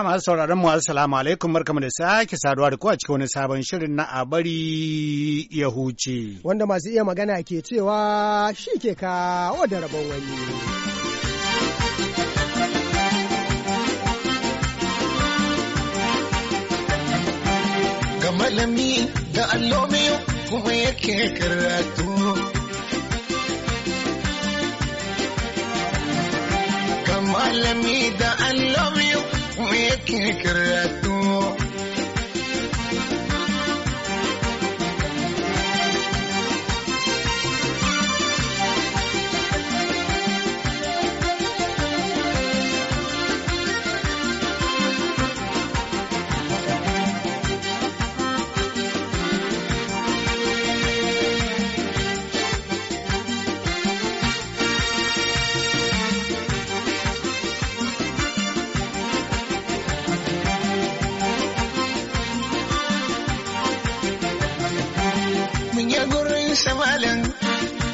Jama'a masu sauraron mu assalamu alaikum barkamu da sake saduwa da ku a cikin wani sabon shirin na abari ya huce. Wanda masu iya magana ke cewa shi ke kawo da rabon wani. malami da allo kuma yake karatu. Ga malami da allo que creas tú.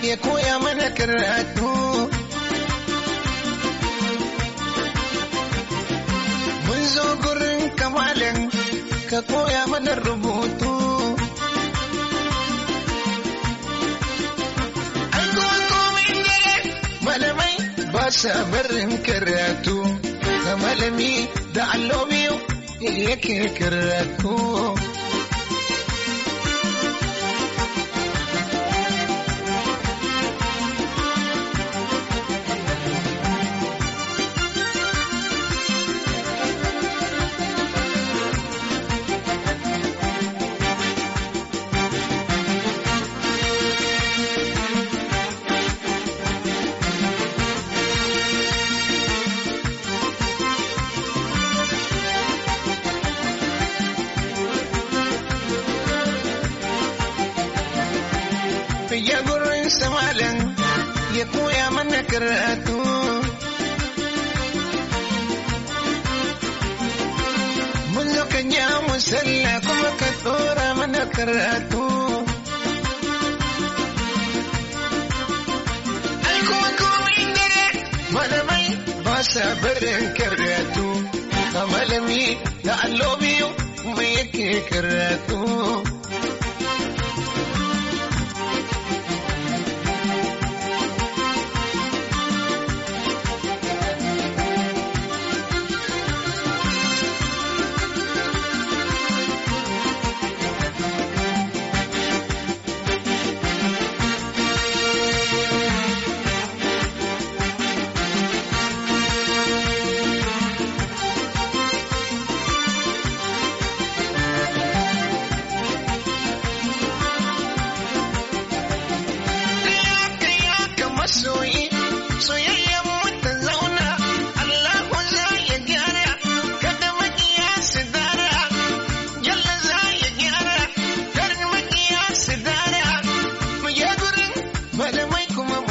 ya koya mana karatu. Mun zo gurin kamalin ka koya mana rubutu. An zo komin dare malamai ba sa barin karatu. Da malami da allo biyu yake karatu. فكر أكون Mulkan ya kuma ka tsora mana karatu. Ai kuma ne dare malamai ba sa barin karatu. Ka malami da allo biyu mai yake karatu.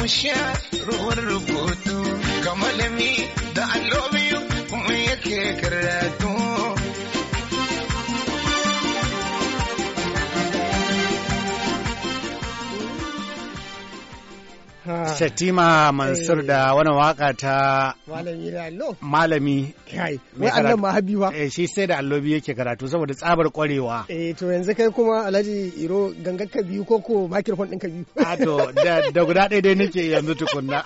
ruwan rubutu ga malami da allobi kuma yake karatu Shatima Mansur da wani waka ta malami da allo malami kai wai allon ma habi ba eh shi sai da allo biyu yake karatu saboda tsabar kwarewa eh to yanzu kai kuma alhaji iro gangan ka biyu ko ko microphone din ka biyu a ah, to da guda ɗaya dai nake yanzu tukunna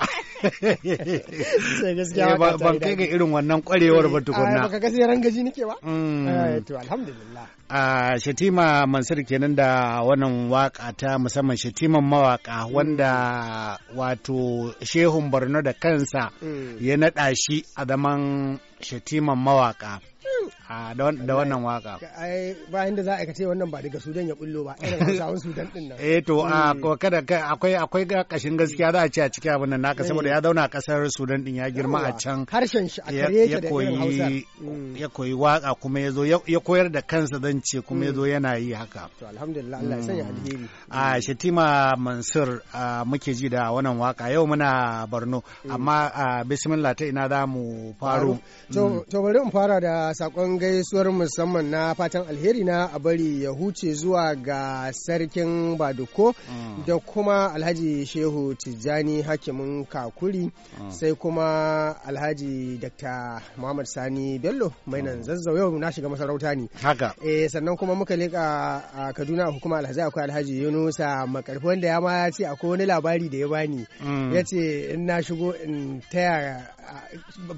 sai gaskiya eh, ban kai ga irin wannan kwarewar ba eh, tukunna ba ka ga sai rangaji nake ba mm. ah, to alhamdulillah a ah, shatima mansur kenan da wannan waka ta musamman shatiman mawaka wanda wato shehun Barno da kansa mm. ya naɗa shi a zaman shatiman mawaƙa. Hmm. a da wannan waka ai ba inda za a kace wannan ba daga sudan ya bullo ba irin hausawan sudan din nan eh to a hmm. kada akwai akwai kashin gaskiya za a ce a cikin abin nan naka saboda ya zauna a kasar sudan din ya girma a can harshen shi a kare yake da hmm. ya koyi waka kuma ya zo ya koyar da kansa zan ce kuma ya zo hmm. yana yi haka to alhamdulillah Allah ya sanya alheri a shatima mansur muke ji da wannan waka yau muna borno amma bismillah ta ina za mu faro to bari mu fara da sakon gaisuwar musamman na fatan alheri na a bari ya huce zuwa ga sarkin baduko mm. da kuma alhaji shehu tijjani hakimin kakuri mm. sai kuma alhaji dr muhammad sani bello mai nan mm. zazzau yau na shiga masarauta ne haka eh sannan kuma muka leka a kaduna hukuma alhaji akwai alhaji yunusa makarfi wanda ya ma ya ce akwai wani labari da ya bani ya ce in na shigo in taya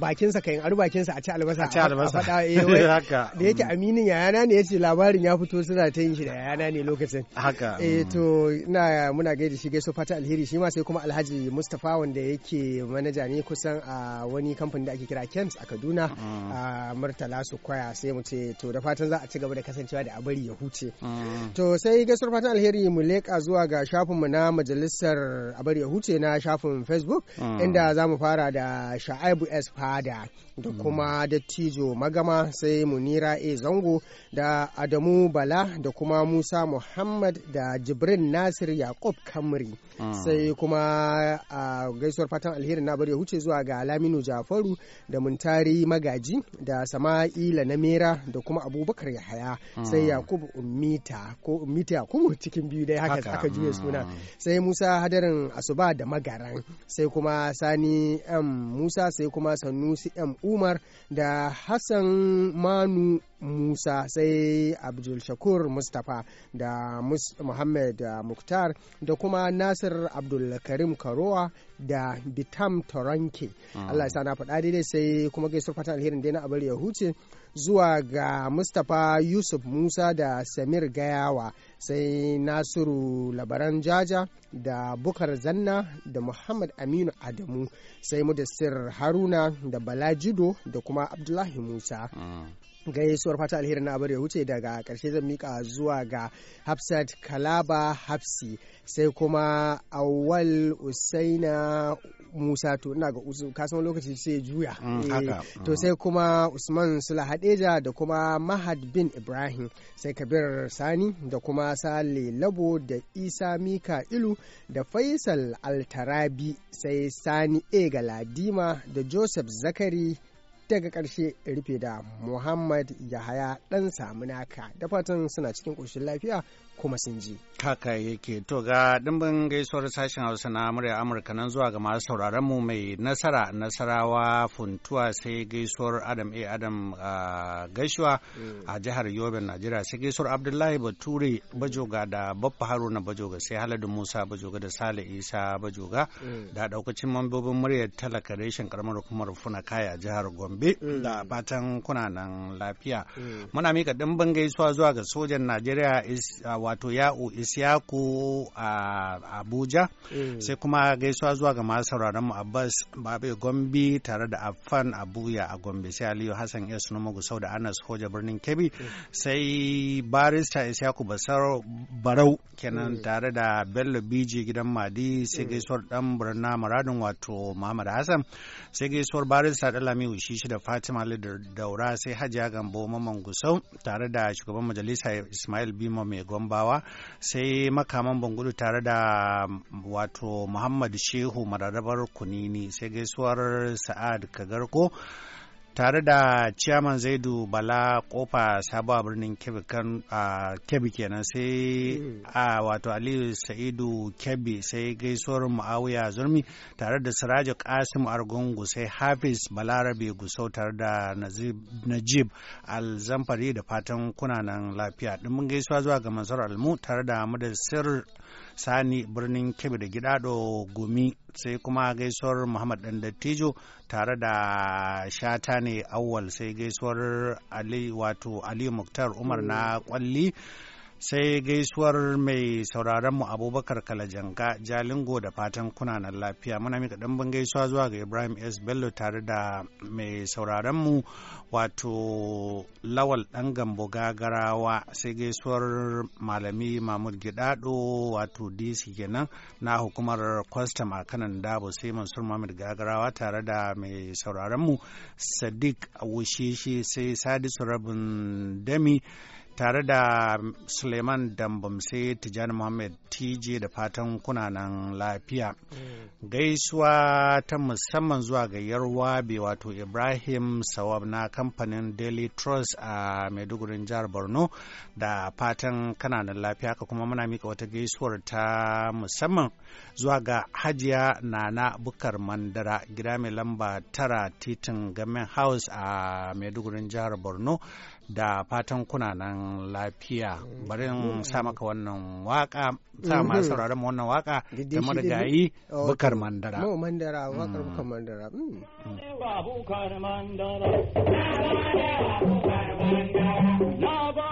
bakinsa kayan aru a ci albasa a ci albasa eh, haka da yake aminin yana ne ce labarin ya fito suna ta yin shi da yana ne lokacin haka eh to ina muna gaida shi gaiso fata alheri shi ma sai kuma Alhaji Mustapha wanda yake manaja ne kusan a wani kamfanin da ake kira Kems a Kaduna mm. a Murtala Sukwaya sai mu ce to da fatan za a ci gaba da kasancewa da abari ya huce mm. to sai gaisuwar fatan alheri mu leka zuwa ga shafin mu na majalisar abari ya huce na shafin Facebook mm. inda za mu fara da Sha'aibu S Fada da kuma Dattijo Magama sai sai munira e zango da adamu bala da kuma musa muhammad da jibrin nasir yakub kamri ah. sai kuma a gaisuwar fatan alheri na bari ya huce zuwa ga laminu jafaru da muntari magaji da sama'ila na mera da kuma abubakar yahaya ah. sai yakub umita ko ummita yakubu cikin biyu dai haka aka juya ah. suna sai musa hadarin asuba da magaran sai kuma sani m musa sai kuma sanusi m umar da hassan Manu Musa sai Abdul Shakur Mustapha da Muhammad eh, Muktar da kuma Nasir Abdul Karim Karowa da Bitam Toranke. Ah. Allah ya sa na faɗa daidai sai kuma gaisuwar fatan alherin dai na abar ya huce zuwa ga mustapha yusuf musa da samir gayawa sai nasiru labaran jaja da bukar zanna da muhammad aminu adamu sai mudassir haruna da balajido da kuma abdullahi musa mm. gaisuwar fata alheri na abar ya wuce daga karshe zan mika zuwa ga hafsat kalaba hafsi sai kuma awal usaina musa to ina ga kasan lokaci sai juya mm, eh, to mm. sai kuma usman sula hadeja da kuma mahad bin ibrahim sai kabir sani da kuma sale labo da isa mika ilu da faisal altarabi sai sani e galadima da joseph zakari daga ƙarshe rufe da muhammad yahaya ɗan samunaka da fatan suna cikin ƙoshin lafiya kuma sun ji. Haka yake to ga dimbin gaisuwar sashen Hausa na murya Amurka nan zuwa ga masu sauraron mu mai nasara nasarawa funtuwa sai gaisuwar Adam A Adam gaisuwa mm. a jihar Yobe Najeriya sai gaisuwar Abdullahi Bature Bajoga da Baffa Haruna Bajoga sai Haladu Musa Bajoga da Sale Isa Bajoga mm. da daukacin mambobin muryar talaka reshen karamar hukumar Funa Kaya jihar Gombe mm. da fatan kuna nan lafiya. Muna mika dimbin gaisuwa zuwa ga sojan Najeriya wato ya'u isyaku a abuja mm. sai kuma gaisuwa zuwa ga masu sauraron mu abbas babe gombe tare da afan abuya a gombe sai aliyu hassan s numugu sau da anas hoja birnin kebbi mm. sai barista isyaku basar barau kenan mm. tare da bello biji gidan madi sai gaisuwar dan birna wato muhammad hassan sai gaisuwar barista dalami shi da fatima daura sai hajiya gambo maman gusau tare da shugaban majalisa ismail bimo mai Gomba. bawa sai makaman Bangudu tare da mm, wato Muhammad Shehu mararrabar Kunini sai gaisuwar Sa'ad Kagarko tare da ciyaman zaidu bala kofa sabuwa birnin kebbi kenan sai hmm. a wato aliyu sa'idu kebbi sai gaisuwar ma'awuya zurmi tare da siraju kasim argungu sai hafiz balarabe gusau tare da najib alzamfari da fatan kunanan lafiya dimin gaisuwa zuwa ga mansur almu tare da sir. sani birnin kebe da gida do gumi sai kuma gaisuwar muhammad dan dattijo tare da shata ne awwal sai gaisuwar ali wato ali muktar umar na mm. kwalli sai gaisuwar mai sauraron mu abubakar kalajanga jalingo da fatan kunanan lafiya muna mika ɗanban gaisuwa zuwa ga ibrahim s bello tare da mai sauraron mu wato lawal ɗan gambo gagarawa sai gaisuwar malami mahmud gidado wato dc kenan na hukumar kwastam a kanan dabo sai mansur mahmud gagarawa tare da mai sauraron mu sadiq wushishi sai sadisu rabin dami tare da suleiman dambamse tijani muhammad tj da fatan kunanan lafiya mm. gaisuwa ta musamman zuwa ga yarwa be wato ibrahim sawab na kamfanin daily trust a maiduguri jihar borno da fatan kananan lafiya ka kuma muna mika wata gaisuwar ta musamman zuwa ga hajiya na bukar mandara gida mai lamba tara titin gamen house a maiduguri jihar borno da fatan kunanan lafiya mm. bari in mm. sa maka wannan waka sa ma mm-hmm. sauraron mu wannan waka da marigayi oh, mm. bukar mandara mu mandara wakar bukar mandara bukar mandara na ba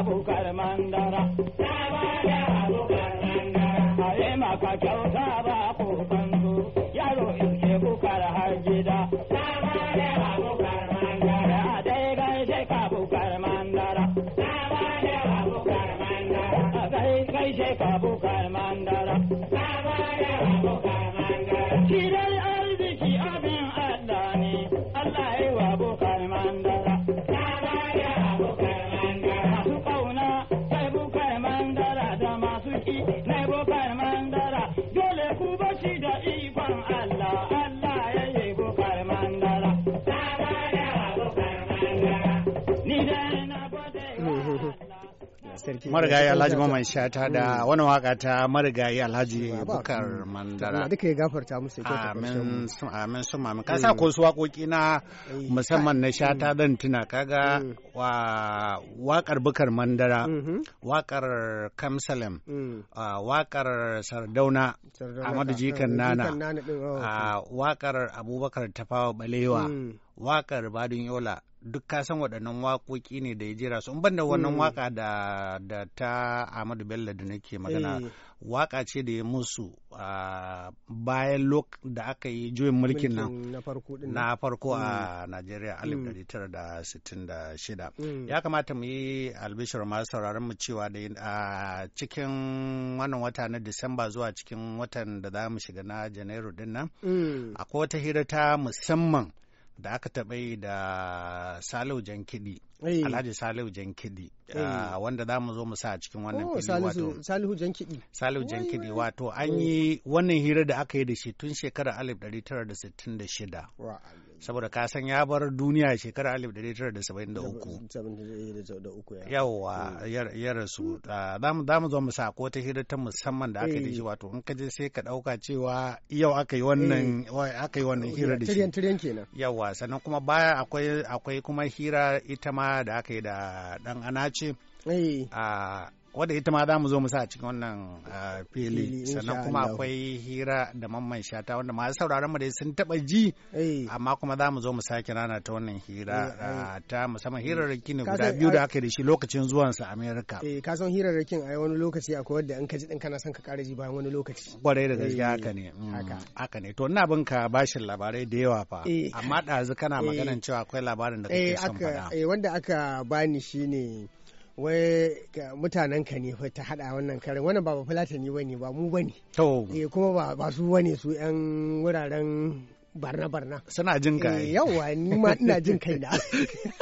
je ka ya buka Shi arziki abin Allah ne, Allah wa buka mandara. marigayi alhaji mamman shata da mm. wani waka ta marigayi alhaji bukar mm. mandara duka ya gafarta musu ya amin amin su mamin ka sa mm. ko su waƙoƙi na eh, musamman na shata dan tuna kaga waƙar bukar mandara mm-hmm. waƙar kamsalem waƙar sardauna amadu jikan nana oh, waƙar abubakar tafawa balewa waƙar badun yola duk ka san waɗannan waƙoƙi ne da ya jera su in ban da wannan mm. waƙa da da ta Ahmadu Bello da nake magana eh. waƙa ce da ya musu bayan lok da aka yi juyin mulkin nan na farko a mm. Najeriya 1966 mm. ya kamata mu yi albishir masu sauraron mu cewa da a cikin wannan wata na Disamba zuwa cikin watan da za mu shiga na Janairu din nan akwai wata hira ta musamman da aka taɓa yi da Salo jan kiɗi Eh. Alhaji Salihu Jankidi eh. ah, wanda za mu zo mu sa a cikin wannan oh, fili wato Salihu Jankidi Salihu Jankidi wato an eh. yi wannan hira da aka yi da shi tun shekarar 1966 saboda ka san ya bar duniya shekarar 1973 yawa ya rasu ah, za mu zo mu sa ko ta hira ta musamman da aka yi da shi wato in ka je sai ka dauka cewa yau aka yi wannan aka yi wannan hira da shi yawa sannan kuma baya akwai akwai kuma hira ita ma da aka yi da ana ce, eh. a wadda ita ma za mu zo mu sa a cikin wannan ah, fili sannan kuma akwai hira da mamman shata wanda masu sauraron mu da sun taba ji eh. amma kuma za mu zo mu sake rana ta wannan hira eh, ah, eh. ta musamman hirarraki ne guda biyu da aka yi da shi lokacin zuwansa Amerika. Eh ka san hirarrakin a wani lokaci akwai wadda in ka ji din kana son ka ƙara ji bayan wani lokaci. Kwarai da gaske haka ne. Mm, haka ne to ina bin ka bashin labarai da yawa fa amma ɗazu kana maganan cewa akwai labarin da kake son faɗa. Eh wanda aka bani shine wai mutanen ka ne ta hada wannan karin wannan ba fulatani ba ne ba mu ba ne eh, kuma ba su ba su yan wuraren barna barna suna jin ka eh, yawa ni ma ina jin kai da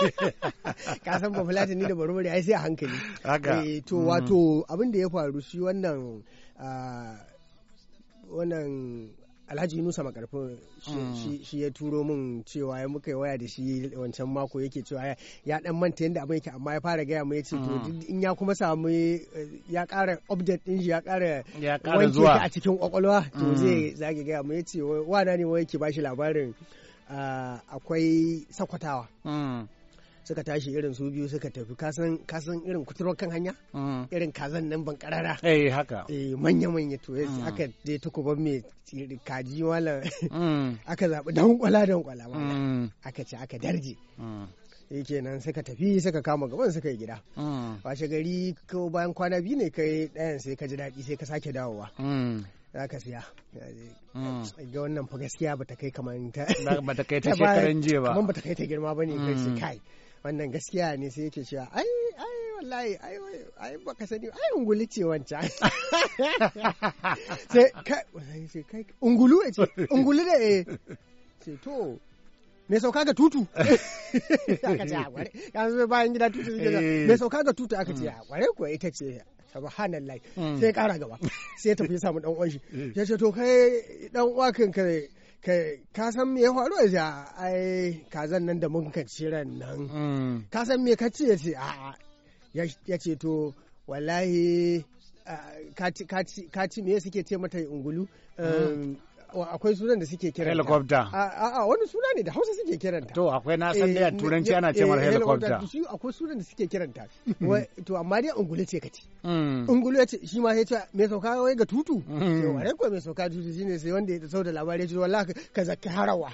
ka san ba fulatani da barbare ai sai a hankali haka eh, to mm. wato abin da ya faru shi wannan ah, wannan alhaji nusa makarfin hmm. shi ya turo min cewa ya muka waya da shi wancan mako yake cewa ya dan manta yadda abin yake amma ya fara gaya mu ya ce to hmm. in ya kuma samu eh, ya kara update din shi ya kara wanke a cikin kwakwalwa to hmm. zai zage gaya mu ya ce na ne wani yake shi labarin ah, akwai sakwatawa suka tashi irin su biyu suka tafi kasan kasan irin kuturwar kan hanya mm. irin kazan nan ban karara eh haka eh manya manya to eh, mm. aka je takuban mai kaji wala mm. aka zabi dan kwala dan kwala aka ci aka darje nan suka tafi suka kama gaban suka yi gida washe gari ko bayan kwana biyu ne kai ɗayan sai ka ji daɗi sai ka sake dawowa za ka siya ga wannan fa gaskiya ba ta kai kamar ta ba ta kai ta shekaran jiya ba kamar ba ta kai ta girma ba ne kai kai wannan gaskiya ne sai yake cewa ai ai wallahi ai ai baka sani ai ungulu ce wancan sai kai sai kai ungulu ce ungulu da eh sai to me sauka ga tutu aka ce a ah, kware yanzu bayan gida tutu ne eh. me sauka ga tutu aka ce mm. a ah, kware ko ita ce subhanallah mm. sai kara gaba sai tafi samun samu dan uwan shi eh. ya ce to kai dan uwakin kai ka san me ya faru a, ja ai kazan nan da mun kace ran nan mm. ka san me ka ce ya ce a'a ya ce to wallahi ci me suke ce mata ungulu mm. um, akwai sunan da suke kiran helicopter a a wani suna ne da Hausa suke kiranta to akwai na san da eh, turanci ana ce eh, mar helicopter shi akwai sunan da suke kiranta hmm. to amma dai ungulu ce kace hmm. ungulu ce shi ma ya ce me sauka wai ga tutu to wai ko me sauka tutu shine sai wanda ya sau da labari ya ce wallahi ka zakki harawa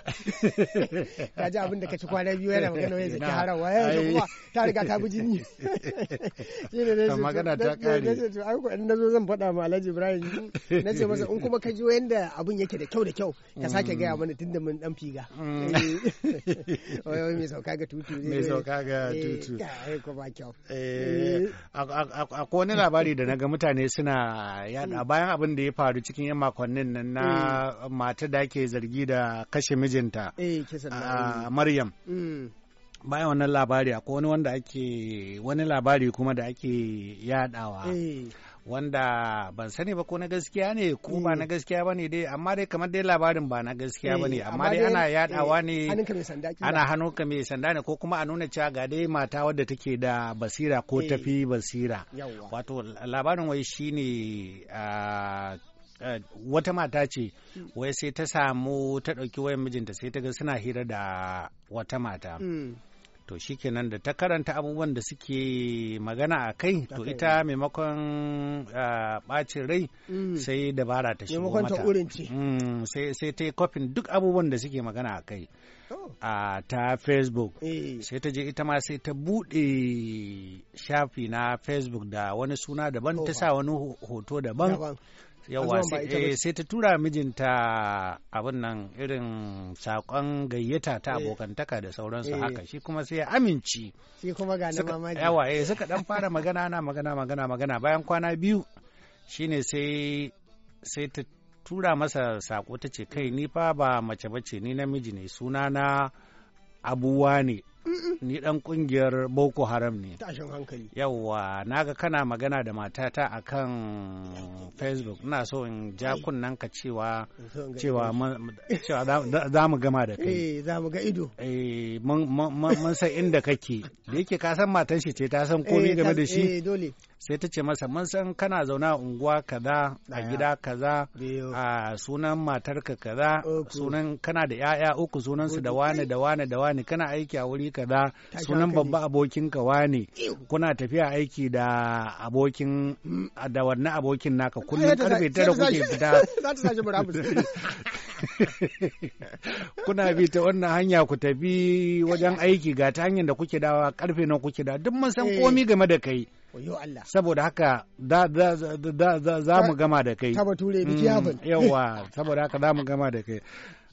ka ji abin da kace kwana biyu yana magana wai zakki harawa ya ce kuma ta riga ta bi jini shine ne magana ta kare ai ko in nazo zan faɗa ma Alhaji Ibrahim nace masa in kuma ka ji wanda abin yake da da kyau da kyau ka sake gaya mm. mana tunda mun dan figa mm. eh. wai mai sauka ga tutu mai sauka ga eh, tutu ko ba kyau eh, akwai wani labari da naga mutane suna yada mm. bayan abin da ya faru cikin yan makonnin nan na mata da ke zargi da kashe mijinta Maryam bayan wannan labari akwai wani wanda ake wani labari kuma da ake yadawa wanda ban sani ba ko na gaskiya ne ko ba mm. na gaskiya ba ne dai amma dai kamar dai labarin ba na gaskiya ba ne eh, amma dai ana yadawa eh, ne ana hannun ka mai sanda ne ko kuma a nuna cewa ga dai mata wadda take da basira ko eh. tafi basira wato labarin wai shine wata mata ce mm. wai sai ta samu ta ɗauki wayan mijinta sai ta ga suna hira da wata mata. Mm. to shikenan da ta karanta abubuwan da suke magana a kai to ita maimakon bacin rai mm. sai dabara ta shigo mata mm, sai ta yi kofin duk abubuwan da suke magana a kai a ta facebook eh. sai ta je ita ma sai ta bude shafi na facebook da wani suna daban ta sa wani hoto daban yawa eh, sai ta tura mijinta abin nan irin sakon gayyata ta eh. abokantaka da sauransu eh. haka shi kuma sai ya aminci shi kuma ga na mamaji yawa eh suka dan fara magana na magana magana magana bayan kwana biyu shine sai sai ta tura masa sako ta ce kai ni fa ba mace bace ni namiji ne suna na abuwa ne ni dan kungiyar boko haram ne tashin hankali yawwa naga kana magana da matata akan facebook ina so in ja kunnan ka cewa cewa cewa za mu gama da kai eh za mu ga ido eh mun san inda kake da yake ka san matan shi ce ta san komai eh, game da shi eh dole sai ta ce masa mun san kana zaune a unguwa kaza a gida kaza a sunan matarka kaza sunan kana da yaya uku sunan su da wani da wani da wani kana aiki a wuri kaza sunan babba abokin ka wani kuna tafiya aiki da abokin da wannan abokin naka kullum karfe tara kuke fita kuna bi ta wannan hanya ku tafi wajen aiki ga ta hanyar da kuke dawa karfe na kuke da duk mun san eh. komi game da kai Allah saboda haka da da da za mu gama da kai yawa mm, saboda haka za mu gama da kai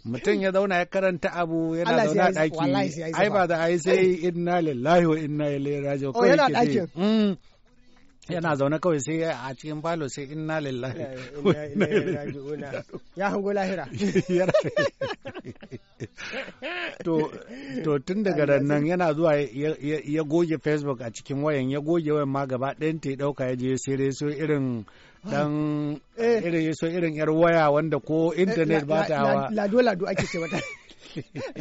mutum ya zauna ya karanta abu yana zauna daki ai ba za a yi sai inna lillahi wa inna ilaihi raji'un ko oh, yana dakin yana zaune kawai sai a cikin falo sai inna lillahi ya hango lahira to tun daga nan yana zuwa ya goge facebook a cikin wayan ya goge wayan ma gaba ɗayan ta ya ɗauka ya je sai dai so irin dan eh. irin so irin yar waya wanda ko internet eh, ba ta hawa lado lado ake ce wata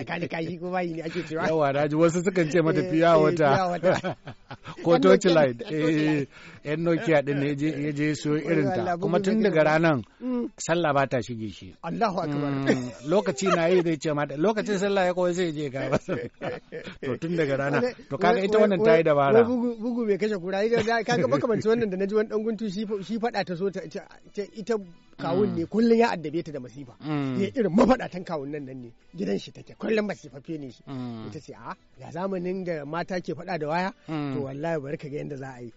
kaji kaji ko bayi ne ake cewa yawa daji wasu sukan ce mata eh, fiya wata ko torchlight yan nokia din ne ya je so irin ta kuma tun daga ranar mm. sallah ba ta shige shi Allahu akbar mm. lokaci na yi zai ce mata lokacin sallah ya kawai ya je ga to tun daga rana to kaga ita wannan ta yi dabara bugu bai kashe kura kaga makamanci wannan da naji wani dan guntu shi fada ta so ta ita kawun mm. ne kullum ya addabe ta da masifa ya irin mafaɗatan kawun nan nan ne gidan shi take kullum masifaffe ne shi ita ce ah, a ya zamanin da mata ke faɗa da waya to wallahi bari ka ga yadda za a yi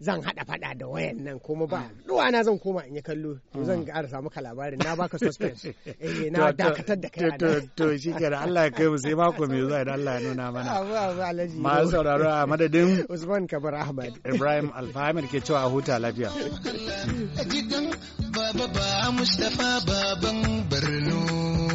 zan haɗa faɗa da wayan nan kuma ba duwa mm. na zan koma in yi kallo zan mm. ƙara samu ka labarin na baka suspense eh na dakatar da kai to to shi kenan Allah ya kai mu sai mako mai zuwa idan Allah ya nuna mana ma sauraro a madadin Usman Kabir Ahmad Ibrahim Alfahamir ke cewa huta lafiya baba Mustafa baban Borno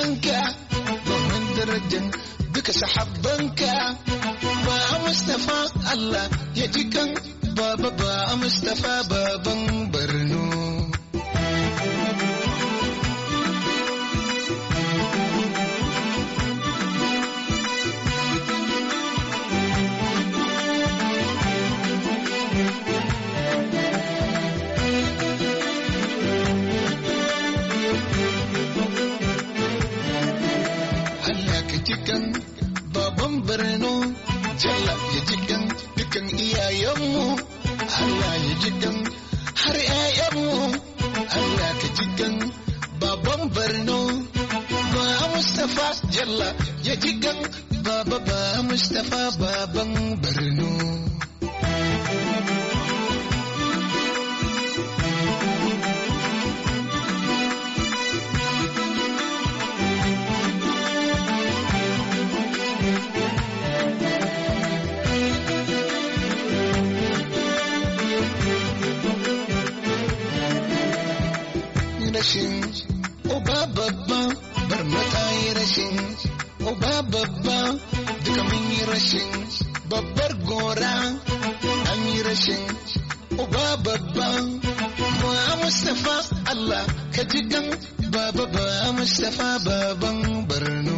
ganka domin darajar duka sahabbanka ba mustafa Allah ya ji kan baba ba mustafa baban Barno jigan har 'ya'yanmu Allah ka jigan baban Borno ba Mustapha Jalla ya jigan baba ba Mustapha baban Borno. rashin babbar gora an yi rashin uba babban ba Mustapha Allah ka ji gan baba ba Mustapha baban barna